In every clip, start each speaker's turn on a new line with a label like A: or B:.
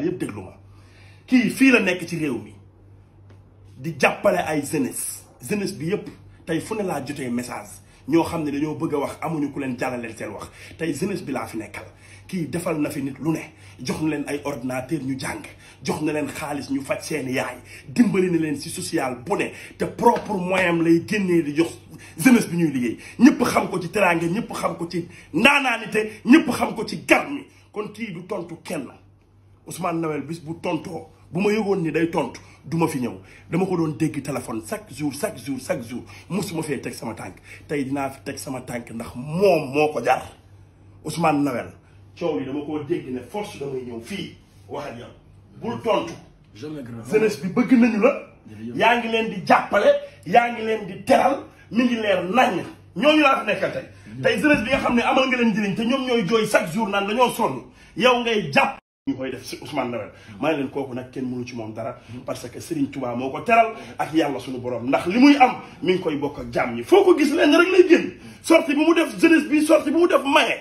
A: Sénégal yëpp déglu ma kii fii la nekk ci réew mi di jàppale ay jeunesse jeunesse bi yëpp tey fu ne laa jotee message ñoo xam ne dañoo bëgg a wax amuñu ku leen jàllaleel seen wax tey jeunesse bi laa fi nekkal kii defal na fi nit lu ne jox na leen ay ordinateur ñu jàng jox na leen xaalis ñu faj seen yaay dimbali na leen ci social bu ne te propre moyen lay génnee di jox jeunesse bi ñuy liggéey ñëpp xam ko ci teraange ñëpp xam ko ci te ñëpp xam ko ci gar kon kii du tontu kenn. Ousmane Noël bis bu tontoo bu ma yëgoon ni day tontu duma fi ñëw dama ko doon dégg téléphone chaque jour chaque jour chaque jour musuma fee teg sama tànk tey dinaa fi teg sama tànk ndax moom moo ko jar Ousmane Noël coow yi dama koo dégg ne force damay ñëw fii wax ak yow bul tontu. jeunesse bi bëgg nañu la. yaa ngi leen di jàppale yaa ngi leen di teral mi ngi leer naññ ñooñu laa fi nekkal tey. tey bi nga xam ne amal nga leen njëriñ te ñoom ñooy jooy chaque jour naan dañoo sonn yow ngay jàpp. ñu koy def si Ousmane Noël ma ne leen kooku nag kenn mënu ci moom dara parce que Serigne Touba moo ko teral ak yàlla suñu borom ndax li muy am mi ngi koy bokk ak jàmm ñi foo ko gis leen rek lay génn sorti bi mu def jeunesse bi sorti bi mu def maye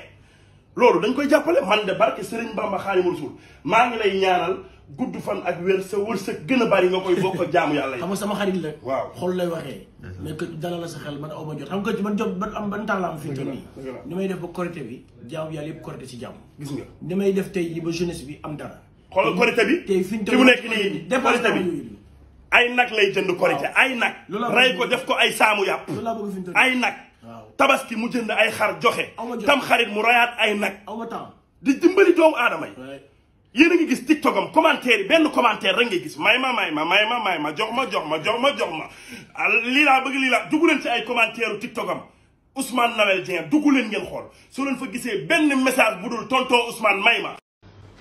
A: loolu dañ koy jàppale man de barke Serigne Bamba Xaadimu Rasuul maa ngi lay ñaanal gudd fan ak wér sa wër sa gën a bari nga koy bokk ak jaamu yàlla yi. xam sama xarit la. waaw xol lay waxee.
B: mais que dalal la sa xel man aw ma jot xam nga man jot ban am ban temps la am. fi mu may def ba korité bi jaamu yàlla yëpp korité ci jaamu. nga ni def tey jii ba jeunesse bi am
A: dara. xoolal korité bi tey fi mu toll nii bi ay nag lay jënd korité ay nag. rey ko def ko ay saamu yàpp. ay nag. tabaski mu jënd ay xar joxe. tam xarit mu rayaat ay nag. tam di dimbali doomu aadama yi yéen a ngi gis tiktok am commentaire yi benn commentaire rek ngay gis may ma may ma may ma may ma jox ma jox ma jox ma jox ma ah, lii laa bëgg lii laa dugg leen ci ay commentaire u tiktok am Ousmane Noël Dieng dugg leen ngeen xool soo leen fa gisee benn message bu dul tonton Ousmane may ma.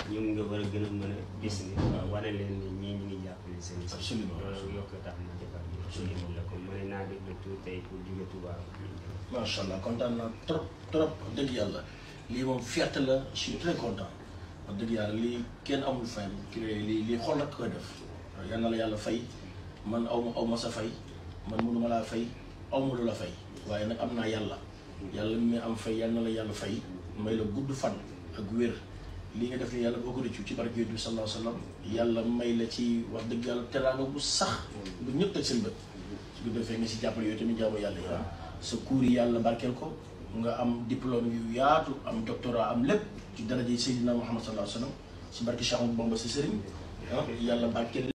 A: nga
B: war a gën a mën a gis ni leen ni ñii ñu ngi jàppale i. absolument loolu bi. absolument la ko mën naa def le tout wax dëgg yàlla li kenn amul fay ki lii lii xool ak koy def yal la yàlla fay man aw ma aw ma sa fay man mënu ma laa fay aw lu la fay waaye nag am naa yàlla yàlla mi am fay yal na la yàlla fay may la gudd fan ak wér li nga def yàlla boo ko rëccu ci barke bi sallallahu alayhi wa may la ci wax dëgg yàlla teraanga sax bu ñëpp teg seen defee nga si jàppale yooyu tamit jaamu yàlla yi sa kuur yàlla barkeel ko nga am diplôme yu yaatu am doctorat am lépp ci daraje Seydina Muhammad sallallahu alayhi wa sallam ci barke Cheikh Ahmadou Bamba si sëriñ ah yàlla barkeel